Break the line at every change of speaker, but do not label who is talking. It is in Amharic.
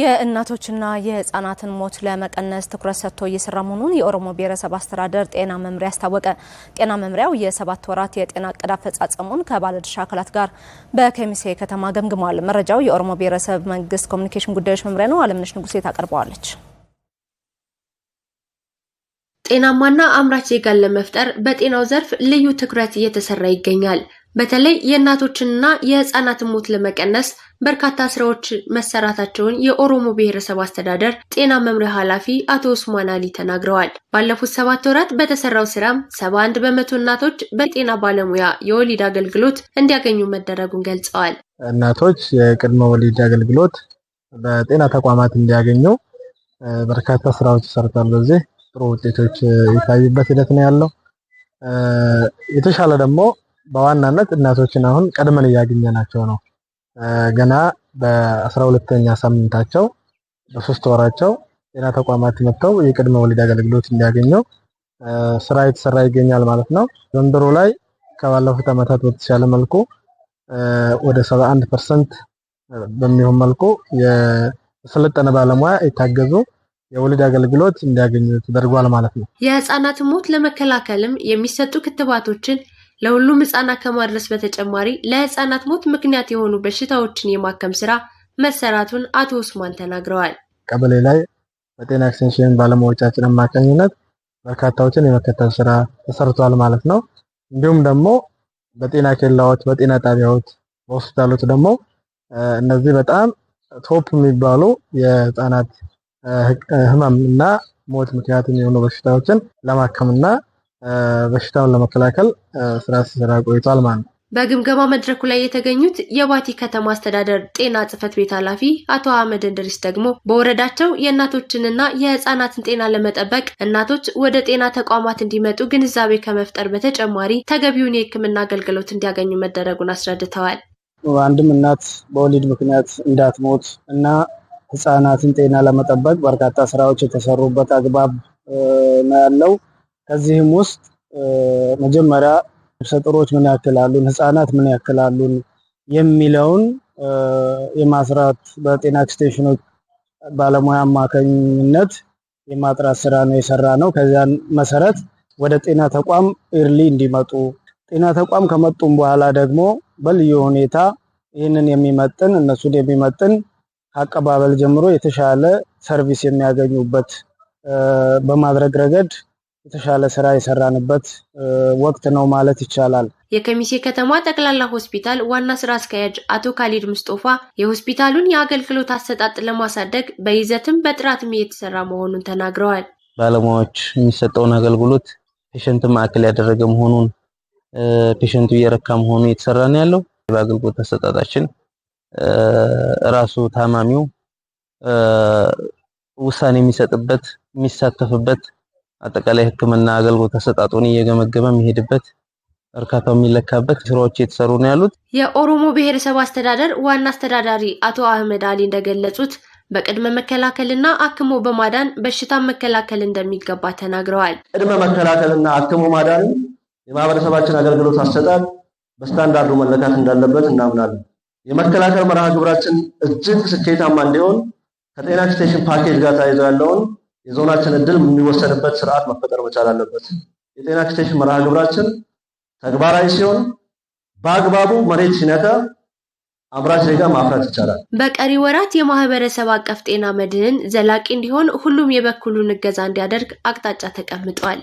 የእናቶችና የህፃናትን ሞት ለመቀነስ ትኩረት ሰጥቶ እየሰራ መሆኑን የኦሮሞ ብሔረሰብ አስተዳደር ጤና መምሪያ አስታወቀ። ጤና መምሪያው የሰባት ወራት የጤና እቅድ አፈጻጸሙን ከባለድርሻ አካላት ጋር በከሚሴ ከተማ ገምግመዋል። መረጃው የኦሮሞ ብሔረሰብ መንግስት ኮሚኒኬሽን ጉዳዮች መምሪያ ነው። አለምነሽ ንጉሴ ታቀርበዋለች። ጤናማና አምራች ዜጋን ለመፍጠር በጤናው ዘርፍ ልዩ ትኩረት እየተሰራ ይገኛል። በተለይ የእናቶችንና የህፃናትን ሞት ለመቀነስ በርካታ ስራዎች መሰራታቸውን የኦሮሞ ብሔረሰብ አስተዳደር ጤና መምሪያ ኃላፊ አቶ ኡስማን አሊ ተናግረዋል። ባለፉት ሰባት ወራት በተሰራው ስራም ሰባ አንድ በመቶ እናቶች በጤና ባለሙያ የወሊድ አገልግሎት እንዲያገኙ መደረጉን ገልጸዋል።
እናቶች የቅድመ ወሊድ አገልግሎት በጤና ተቋማት እንዲያገኙ በርካታ ስራዎች ይሰርታሉ። በዚህ ጥሩ ውጤቶች የታዩበት ሂደት ነው ያለው የተሻለ ደግሞ በዋናነት እናቶችን አሁን ቀድመን እያገኘናቸው ነው። ገና በአስራ ሁለተኛ ሳምንታቸው በሶስት ወራቸው ጤና ተቋማት መጥተው የቅድመ ወሊድ አገልግሎት እንዲያገኙ ስራ የተሰራ ይገኛል ማለት ነው። ዘንድሮ ላይ ከባለፉት ዓመታት በተሻለ መልኩ ወደ 71 ፐርሰንት በሚሆን መልኩ የሰለጠነ ባለሙያ የታገዙ የወሊድ አገልግሎት እንዲያገኙ ተደርጓል ማለት ነው።
የህፃናት ሞት ለመከላከልም የሚሰጡ ክትባቶችን ለሁሉም ህፃና ከማድረስ በተጨማሪ ለህፃናት ሞት ምክንያት የሆኑ በሽታዎችን የማከም ስራ መሰራቱን አቶ ኡስማን ተናግረዋል።
ቀበሌ ላይ በጤና ኤክስቴንሽን ባለሙያዎቻችን አማካኝነት በርካታዎችን የመከተል ስራ ተሰርቷል ማለት ነው። እንዲሁም ደግሞ በጤና ኬላዎች፣ በጤና ጣቢያዎች፣ በሆስፒታሎች ደግሞ እነዚህ በጣም ቶፕ የሚባሉ የህፃናት ህመም እና ሞት ምክንያት የሚሆኑ በሽታዎችን ለማከምና በሽታውን ለመከላከል ስራ ሲሰራ ቆይቷል ማለት ነው።
በግምገማ መድረኩ ላይ የተገኙት የባቲ ከተማ አስተዳደር ጤና ጽህፈት ቤት ኃላፊ አቶ አህመድ እንድሪስ ደግሞ በወረዳቸው የእናቶችንና የህፃናትን ጤና ለመጠበቅ እናቶች ወደ ጤና ተቋማት እንዲመጡ ግንዛቤ ከመፍጠር በተጨማሪ ተገቢውን የህክምና አገልግሎት እንዲያገኙ መደረጉን አስረድተዋል።
አንድም እናት በወሊድ ምክንያት እንዳትሞት እና ህፃናትን ጤና ለመጠበቅ በርካታ ስራዎች የተሰሩበት አግባብ ነው ያለው ከዚህም ውስጥ መጀመሪያ ነፍሰ ጡሮች ምን ያክላሉን፣ ህፃናት ምን ያክላሉን የሚለውን የማስራት በጤና ኤክስቴንሽኖች ባለሙያ አማካኝነት የማጥራት ስራ ነው የሰራ ነው። ከዚያን መሰረት ወደ ጤና ተቋም ኢርሊ እንዲመጡ ጤና ተቋም ከመጡም በኋላ ደግሞ በልዩ ሁኔታ ይህንን የሚመጥን እነሱን የሚመጥን ከአቀባበል ጀምሮ የተሻለ ሰርቪስ የሚያገኙበት በማድረግ ረገድ የተሻለ ስራ የሰራንበት ወቅት ነው ማለት ይቻላል።
የከሚሴ ከተማ ጠቅላላ ሆስፒታል ዋና ስራ አስኪያጅ አቶ ካሊድ ምስጦፋ የሆስፒታሉን የአገልግሎት አሰጣጥ ለማሳደግ በይዘትም በጥራትም እየተሰራ መሆኑን ተናግረዋል።
ባለሙያዎች የሚሰጠውን አገልግሎት ፔሸንት ማዕከል ያደረገ መሆኑን ፔሸንቱ እየረካ መሆኑ እየተሰራ ነው ያለው። በአገልግሎት አሰጣጣችን ራሱ ታማሚው ውሳኔ የሚሰጥበት የሚሳተፍበት አጠቃላይ ህክምና አገልግሎት አሰጣጡን እየገመገመ የሚሄድበት እርካታው የሚለካበት ስራዎች የተሰሩ ነው ያሉት
የኦሮሞ ብሔረሰብ አስተዳደር ዋና አስተዳዳሪ አቶ አህመድ አሊ እንደገለጹት በቅድመ መከላከልና አክሞ በማዳን በሽታን መከላከል እንደሚገባ ተናግረዋል።
ቅድመ መከላከልና አክሞ ማዳን የማህበረሰባችን አገልግሎት አሰጣጥ በስታንዳርዱ መለካት እንዳለበት እናምናለን። የመከላከል መርሃ ግብራችን እጅግ ስኬታማ እንዲሆን ከጤና ኤክስቴንሽን ፓኬጅ ጋር ተያይዞ ያለውን የዞናችን እድል የሚወሰድበት ስርዓት መፈጠር መቻል አለበት። የጤና ኤክስቴንሽን መርሃ ግብራችን ተግባራዊ ሲሆን በአግባቡ መሬት ሲነካ አምራች ዜጋ ማፍራት ይቻላል።
በቀሪ ወራት የማህበረሰብ አቀፍ ጤና መድህን ዘላቂ እንዲሆን ሁሉም የበኩሉን እገዛ እንዲያደርግ አቅጣጫ ተቀምጧል።